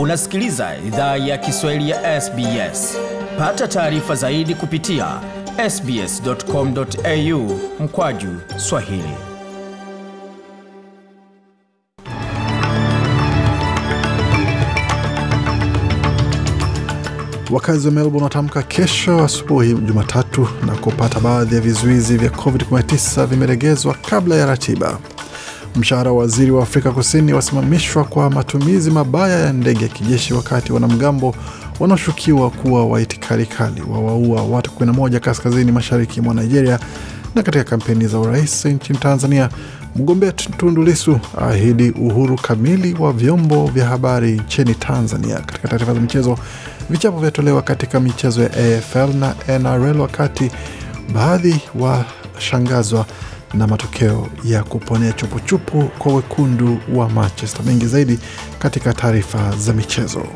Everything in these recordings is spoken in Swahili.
Unasikiliza idhaa ya Kiswahili ya SBS. Pata taarifa zaidi kupitia sbs.com.au mkwaju Swahili. Wakazi wa Melbourne watamka kesho asubuhi Jumatatu na kupata baadhi ya vizuizi vya COVID-19 vimeregezwa kabla ya ratiba. Mshahara wa waziri wa Afrika Kusini wasimamishwa kwa matumizi mabaya ya ndege ya kijeshi, wakati wanamgambo wanaoshukiwa kuwa wa kali wawaua watu 11 kaskazini mashariki mwa Nigeria. Na katika kampeni za urais nchini Tanzania, mgombea Tundu Lissu ahidi uhuru kamili wa vyombo vya habari nchini Tanzania. Katika taarifa za michezo, vichapo vyatolewa katika michezo ya AFL na NRL, wakati baadhi washangazwa na matokeo ya kuponea chupuchupu kwa wekundu wa Manchester. Mengi zaidi katika taarifa za michezo.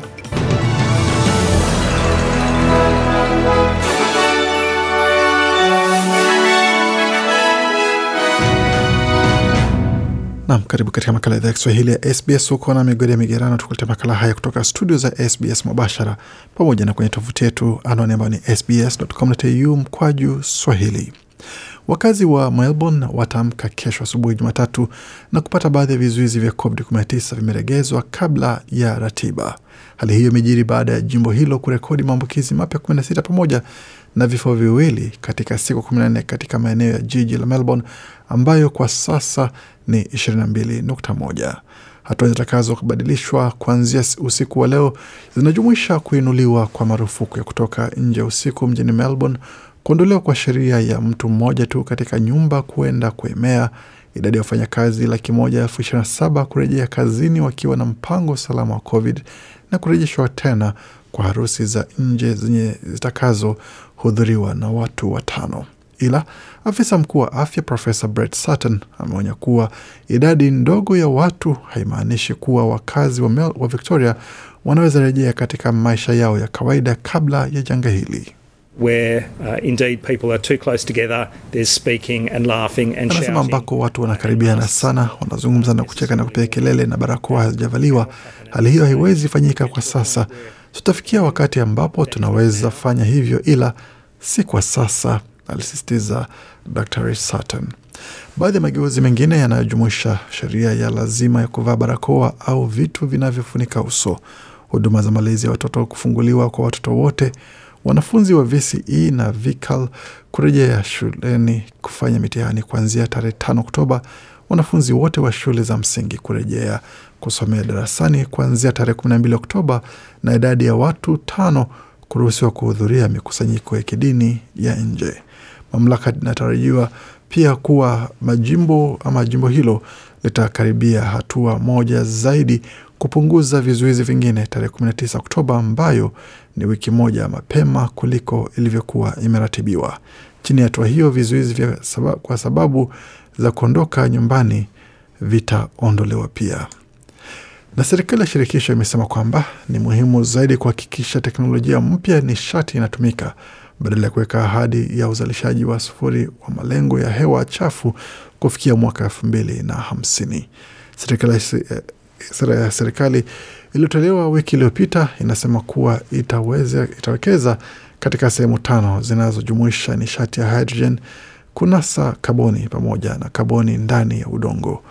Nam, karibu katika makala idhaa ya Kiswahili ya SBS. Huko na migodi ya migerano, tukuletea makala haya kutoka studio za SBS mubashara pamoja na kwenye tovuti yetu, anwani ambayo ni sbs.com.au mkwaju swahili. Wakazi wa Melbourne wataamka kesho asubuhi Jumatatu na kupata baadhi ya vizuizi vya COVID-19 vimeregezwa kabla ya ratiba. Hali hiyo imejiri baada ya jimbo hilo kurekodi maambukizi mapya 16 pamoja na vifo viwili katika siku 14 katika maeneo ya jiji la Melbourne ambayo kwa sasa ni 22.1. Hatua zitakazobadilishwa kuanzia usiku wa leo zinajumuisha kuinuliwa kwa marufuku ya kutoka nje usiku mjini Melbourne, Kuondolewa kwa sheria ya mtu mmoja tu katika nyumba kuenda kuemea, idadi ya wafanyakazi laki moja elfu ishirini na saba kurejea kazini wakiwa na mpango salama wa COVID na kurejeshwa tena kwa harusi za nje zenye zitakazohudhuriwa na watu watano. Ila afisa mkuu wa afya Profesa Brett Sutton ameonya kuwa idadi ndogo ya watu haimaanishi kuwa wakazi wa, Mel, wa Victoria wanaweza rejea katika maisha yao ya kawaida kabla ya janga hili. Where, uh, indeed people are too close together, there's speaking and laughing and Anasema ambako watu wanakaribiana sana, wanazungumza na kucheka na kupiga kelele na barakoa hazijavaliwa. Hali hiyo haiwezi fanyika kwa sasa. Tutafikia wakati ambapo tunaweza fanya hivyo, ila si kwa sasa, alisisitiza Dr. Sutton. Baadhi ya mageuzi mengine yanayojumuisha sheria ya lazima ya kuvaa barakoa au vitu vinavyofunika uso, huduma za malezi ya watoto kufunguliwa kwa watoto wote Wanafunzi wa VCE na vikal kurejea shuleni kufanya mitihani kuanzia tarehe tano Oktoba. Wanafunzi wote wa shule za msingi kurejea kusomea darasani kuanzia tarehe mbili Oktoba, na idadi ya watu tano kuruhusiwa kuhudhuria mikusanyiko ya kidini ya nje. Mamlaka inatarajiwa pia kuwa majimbo ama jimbo hilo litakaribia hatua moja zaidi kupunguza vizuizi vingine tarehe 19 Oktoba, ambayo ni wiki moja mapema kuliko ilivyokuwa imeratibiwa. Chini ya hatua hiyo, vizuizi vya sababu, kwa sababu za kuondoka nyumbani vitaondolewa pia. Na serikali ya shirikisho imesema kwamba ni muhimu zaidi kuhakikisha teknolojia mpya nishati inatumika badala ya kuweka ahadi ya uzalishaji wa sufuri wa malengo ya hewa chafu kufikia mwaka elfu mbili na hamsini. Serikali sera ya serikali iliyotolewa wiki iliyopita inasema kuwa itaweze, itawekeza katika sehemu tano zinazojumuisha nishati ya hydrogen, kunasa kaboni pamoja na kaboni ndani ya udongo.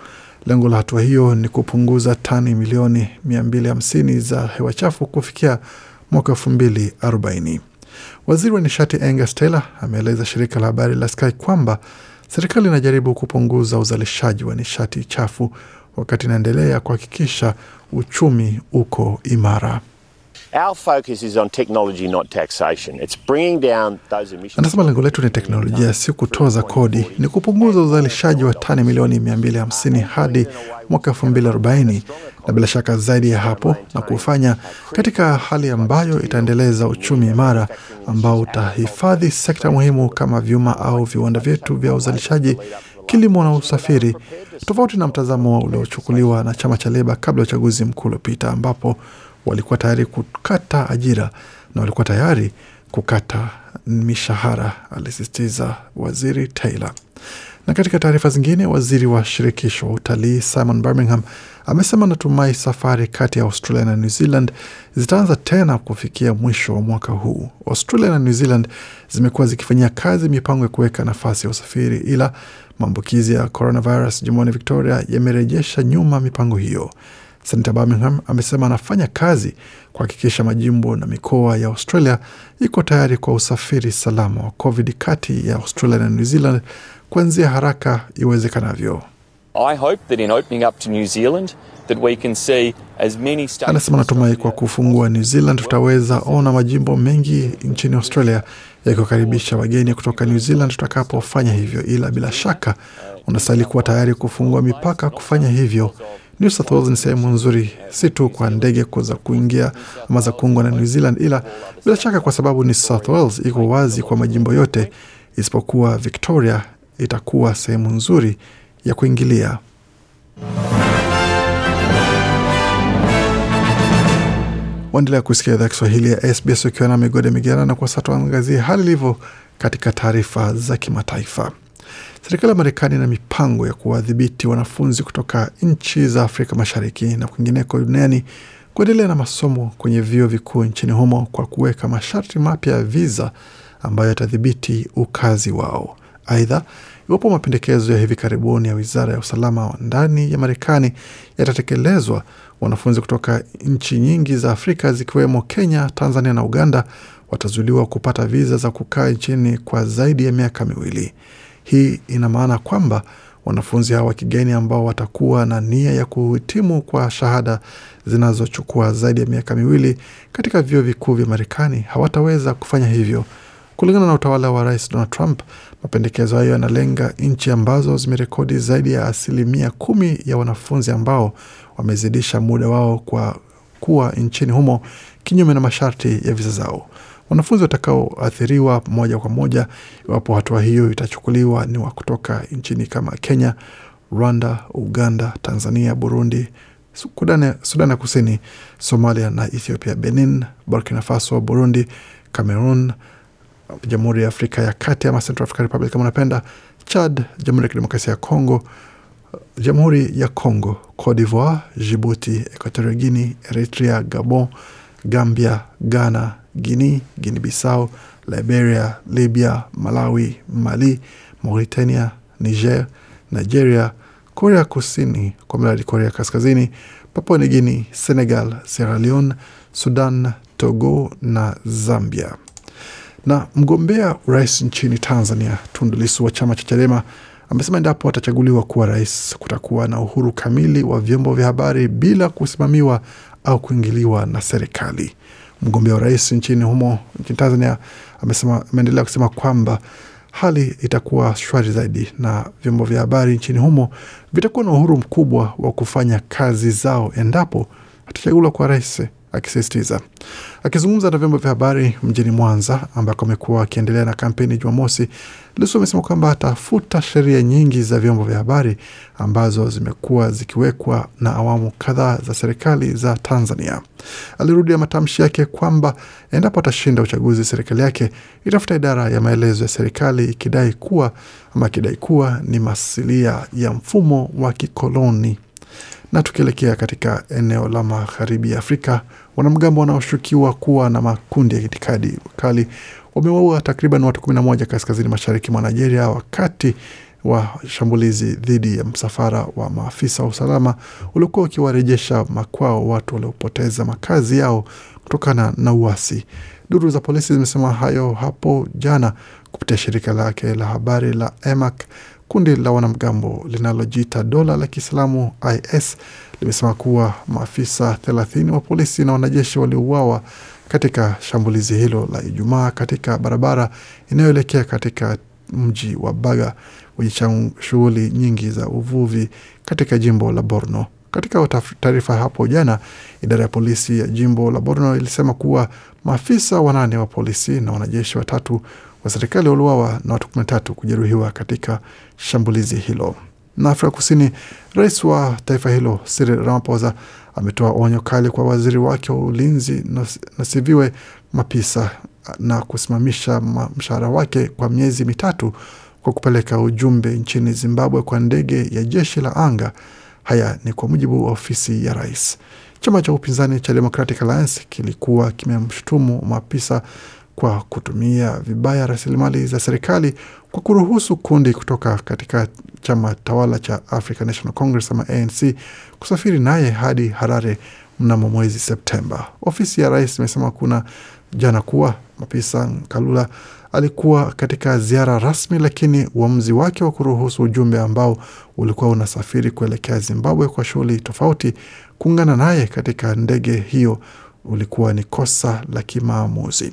Lengo la hatua hiyo ni kupunguza tani milioni 250 za hewa chafu kufikia mwaka 2040. Waziri wa nishati Angus Taylor ameeleza shirika la habari la Sky kwamba serikali inajaribu kupunguza uzalishaji wa nishati chafu wakati inaendelea kuhakikisha uchumi uko imara. Anasema lengo letu ni teknolojia, si kutoza kodi, ni kupunguza uzalishaji wa tani milioni 250 hadi mwaka 2040 na bila shaka zaidi ya hapo, na kufanya katika hali ambayo itaendeleza uchumi imara ambao utahifadhi sekta muhimu kama vyuma au viwanda vyetu vya uzalishaji kilimo na usafiri, tofauti na mtazamo uliochukuliwa na chama cha Leba kabla ya uchaguzi mkuu uliopita, ambapo walikuwa tayari kukata ajira na walikuwa tayari kukata mishahara, alisisitiza Waziri Taylor. Na katika taarifa zingine, waziri wa shirikisho wa utalii Simon Birmingham amesema anatumai safari kati ya Australia na New Zealand zitaanza tena kufikia mwisho wa mwaka huu. Australia na New Zealand zimekuwa zikifanyia kazi mipango ya kuweka nafasi ya usafiri, ila maambukizi ya coronavirus jimboni Victoria yamerejesha nyuma mipango hiyo. Senata Birmingham amesema anafanya kazi kuhakikisha majimbo na mikoa ya Australia iko tayari kwa usafiri salama wa COVID kati ya Australia na New Zealand kuanzia haraka iwezekanavyo. Anasema natumai kwa kufungua New Zealand tutaweza ona majimbo mengi nchini Australia yakiwakaribisha wageni kutoka New Zealand tutakapofanya hivyo, ila bila shaka unastahili kuwa tayari kufungua mipaka kufanya hivyo. New South Wales ni sehemu nzuri, si tu kwa ndege za kuingia ama za kuungwa na New Zealand, ila bila shaka kwa sababu ni South Wales iko wazi kwa majimbo yote isipokuwa Victoria itakuwa sehemu nzuri ya kuingilia. Waendelea kusikia idhaa Kiswahili ya SBS ukiwa na migode migerana, na kwa sasa tuangazie hali ilivyo katika taarifa za kimataifa. Serikali ya Marekani ina mipango ya kuwadhibiti wanafunzi kutoka nchi za Afrika Mashariki na kwingineko duniani kuendelea na masomo kwenye vyuo vikuu nchini humo kwa kuweka masharti mapya ya viza ambayo yatadhibiti ukazi wao. Aidha, iwapo mapendekezo ya hivi karibuni ya wizara ya usalama wa ndani ya Marekani yatatekelezwa, wanafunzi kutoka nchi nyingi za Afrika zikiwemo Kenya, Tanzania na Uganda watazuiliwa kupata viza za kukaa nchini kwa zaidi ya miaka miwili. Hii ina maana kwamba wanafunzi hawa wa kigeni ambao watakuwa na nia ya kuhitimu kwa shahada zinazochukua zaidi ya miaka miwili katika vyuo vikuu vya Marekani hawataweza kufanya hivyo Kulingana na utawala wa Rais Donald Trump, mapendekezo hayo yanalenga nchi ambazo zimerekodi zaidi ya asilimia kumi ya wanafunzi ambao wamezidisha muda wao kwa kuwa nchini humo kinyume na masharti ya viza zao. Wanafunzi watakaoathiriwa moja kwa moja iwapo hatua hiyo itachukuliwa ni wa kutoka nchini kama Kenya, Rwanda, Uganda, Tanzania, Burundi, Sudan ya Kusini, Somalia na Ethiopia, Benin, Burkina Faso, Burundi, Cameroon, Jamhuri ya Afrika ya Kati ama Central African Republic kama unapenda, Chad, Jamhuri ya Kidemokrasia ya Kongo, Jamhuri ya Kongo, Cote d'Ivoire, Djibouti, Equatorial Guinea, Eritrea, Gabon, Gambia, Ghana, Guinea, Guinea Bissau, Liberia, Libya, Malawi, Mali, Mauritania, Niger, Nigeria, Korea Kusini, kwa mradi Korea Kaskazini, Papua New Guinea, Senegal, Sierra Leone, Sudan, Togo na Zambia. Na mgombea urais nchini Tanzania Tundu Lissu wa chama cha Chadema amesema endapo atachaguliwa kuwa rais, kutakuwa na uhuru kamili wa vyombo vya habari bila kusimamiwa au kuingiliwa na serikali. Mgombea wa rais nchini humo nchini Tanzania amesema, ameendelea kusema kwamba hali itakuwa shwari zaidi na vyombo vya habari nchini humo vitakuwa na uhuru mkubwa wa kufanya kazi zao endapo atachaguliwa kwa rais akisisitiza. Akizungumza na vyombo vya habari mjini Mwanza ambako amekuwa akiendelea na kampeni Jumamosi, lusu amesema kwamba atafuta sheria nyingi za vyombo vya habari ambazo zimekuwa zikiwekwa na awamu kadhaa za serikali za Tanzania. Alirudia matamshi yake kwamba endapo atashinda uchaguzi, serikali yake itafuta idara ya maelezo ya serikali ikidai kuwa ama ikidai kuwa ni masilia ya mfumo wa kikoloni. Na tukielekea katika eneo la magharibi ya Afrika, wanamgambo wanaoshukiwa kuwa na makundi ya itikadi kali wamewaua takriban watu 11 kaskazini mashariki mwa Nigeria wakati wa shambulizi dhidi ya msafara wa maafisa wa usalama uliokuwa ukiwarejesha makwao watu waliopoteza makazi yao kutokana na uasi. Duru za polisi zimesema hayo hapo jana kupitia shirika lake la habari la EMAC Kundi la wanamgambo linalojiita dola la Kiislamu IS limesema kuwa maafisa 30 wa polisi na wanajeshi waliouawa katika shambulizi hilo la Ijumaa katika barabara inayoelekea katika mji wa Baga wenye shughuli nyingi za uvuvi katika jimbo la Borno. Katika taarifa hapo jana, idara ya polisi ya jimbo la Borno ilisema kuwa maafisa wanane wa polisi na wanajeshi watatu waserikali waliuawa na watu 13 kujeruhiwa katika shambulizi hilo. Na Afrika Kusini, rais wa taifa hilo Cyril Ramaphosa ametoa onyo kali kwa waziri wake wa ulinzi Nasiviwe Mapisa na kusimamisha mshahara wake kwa miezi mitatu kwa kupeleka ujumbe nchini Zimbabwe kwa ndege ya jeshi la anga. Haya ni kwa mujibu wa ofisi ya rais. Chama cha upinzani cha Democratic Alliance kilikuwa kimemshutumu Mapisa kwa kutumia vibaya rasilimali za serikali kwa kuruhusu kundi kutoka katika chama tawala cha African National Congress ama ANC kusafiri naye hadi Harare mnamo mwezi Septemba. Ofisi ya rais imesema kuna jana kuwa Mapisa Nkalula alikuwa katika ziara rasmi, lakini uamuzi wake wa kuruhusu ujumbe ambao ulikuwa unasafiri kuelekea Zimbabwe kwa shughuli tofauti kuungana naye katika ndege hiyo ulikuwa ni kosa la kimaamuzi.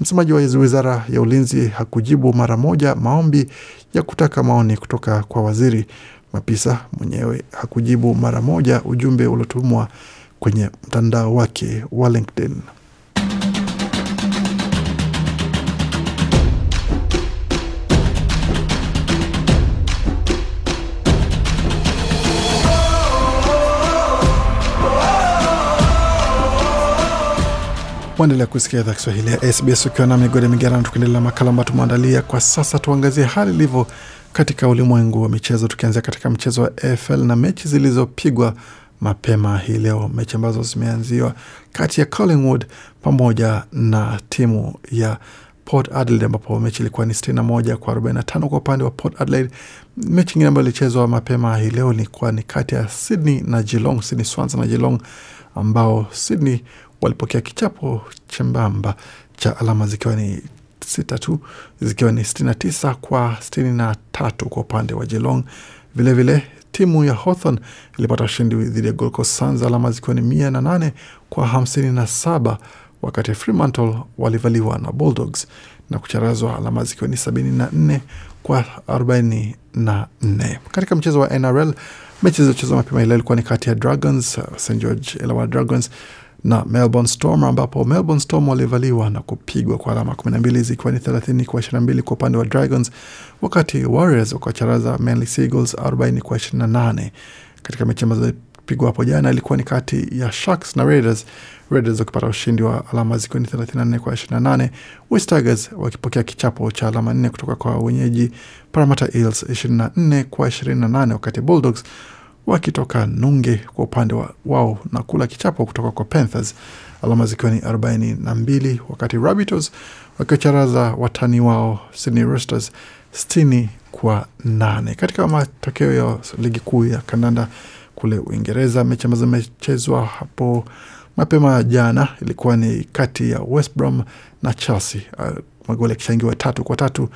Msemaji wa wizara ya ulinzi hakujibu mara moja maombi ya kutaka maoni kutoka kwa waziri. Mapisa mwenyewe hakujibu mara moja ujumbe uliotumwa kwenye mtandao wake wa LinkedIn. Waendelea kusikia idhaa Kiswahili ya SBS ukiwa na migode migerano, tukiendelea na makala ambayo tumeandalia kwa sasa. Tuangazie hali ilivyo katika ulimwengu wa michezo, tukianzia katika mchezo wa AFL na mechi zilizopigwa mapema hii leo, mechi ambazo zimeanziwa kati ya Collingwood pamoja na timu ya Port Adelaide ambapo mechi ilikuwa ni 61 kwa 45 kwa upande wa Port Adelaide. Mechi ingine ambayo ilichezwa mapema hii leo ilikuwa ni kati ya Sydney na Geelong, Sydney Swans na Geelong, ambao Sydney walipokea kichapo chembamba cha alama zikiwa ni sita tu zikiwa ni 69 kwa 63 kwa upande wa Geelong. Vilevile timu ya Hawthorn ilipata ushindi dhidi ya Gold Coast Suns alama zikiwa ni 108 kwa 57, wakati Fremantle walivaliwa na Bulldogs na kucharazwa alama zikiwa ni 74 kwa 44. Katika mchezo wa NRL mechi zilizochezwa mapema ileo ilikuwa ni kati ya Dragons, St George Illawarra Dragons na Melbourne Storm ambapo Melbourne Storm walivaliwa na kupigwa kwa alama 12 zikiwa ni 30 kwa 22 kwa upande wa Dragons, wakati Warriors wakacharaza Manly Seagulls 40 kwa 28 katika mechi ambazo zilipigwa hapo jana. Ilikuwa ni kati ya Sharks na Raiders, Raiders wakipata ushindi wa alama zikiwa ni 34 kwa 28, West Tigers wakipokea kichapo cha alama 4 kutoka kwa wenyeji Parramatta Eels 24 kwa 28, wakati Bulldogs wakitoka nunge kwa upande wa, wao na kula kichapo kutoka kwa Panthers alama zikiwa ni 42, wakati Rabbitohs wakiwacharaza watani wao Sydney Roosters 60 kwa 8. Katika matokeo ya ligi kuu ya kandanda kule Uingereza, mechi ambazo zimechezwa hapo mapema jana ilikuwa ni kati ya West Brom na Chelsea, uh, magoli yakishangiwa tatu kwa tatu,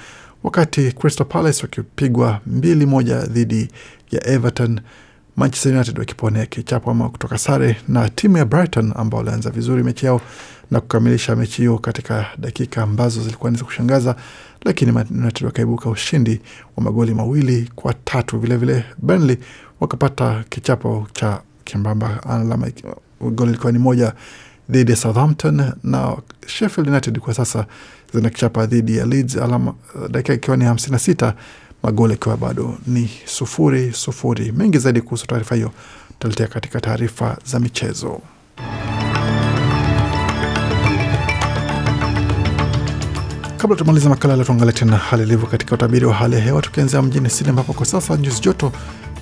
wakati Crystal Palace wakipigwa mbili moja dhidi ya Everton Manchester United wakiponea kichapo ama kutoka sare na timu ya Brighton ambao walianza vizuri mechi yao na kukamilisha mechi hiyo katika dakika ambazo zilikuwa ni za kushangaza, lakini United wakaibuka ushindi wa magoli mawili kwa tatu. Vilevile Burnley wakapata kichapo cha kimbamba, alama goli likiwa ni moja dhidi ya Southampton na Sheffield United kwa sasa zina kichapa dhidi ya Leeds, alama dakika ikiwa ni hamsini na sita magoli akiwa bado ni sufuri sufuri. Mengi zaidi kuhusu taarifa hiyo tutaletea katika taarifa za michezo. Kabla tumaliza makala, tuangalia tena hali ilivyo katika utabiri wa hali ya hewa, tukianzia mjini Sydney ambapo kwa sasa nyuzi joto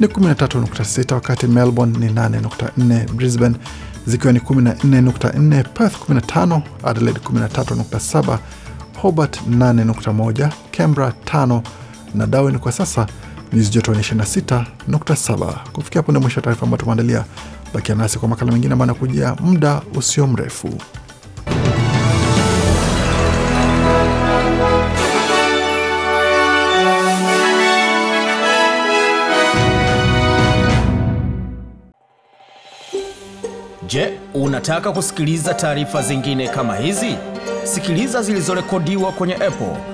ni 13.6, wakati Melbourne ni 8.4, Brisbane zikiwa ni 14.4, Perth 15, Adelaide 13.7, Hobart 8.1, Canberra 5 na Darwin kwa sasa nyuzi joto ni 26.7. Kufikia punde mwisho taarifa ambayo tumeandalia. Bakia nasi kwa makala mengine ambayo anakujia muda usio mrefu. Je, unataka kusikiliza taarifa zingine kama hizi? Sikiliza zilizorekodiwa kwenye Apple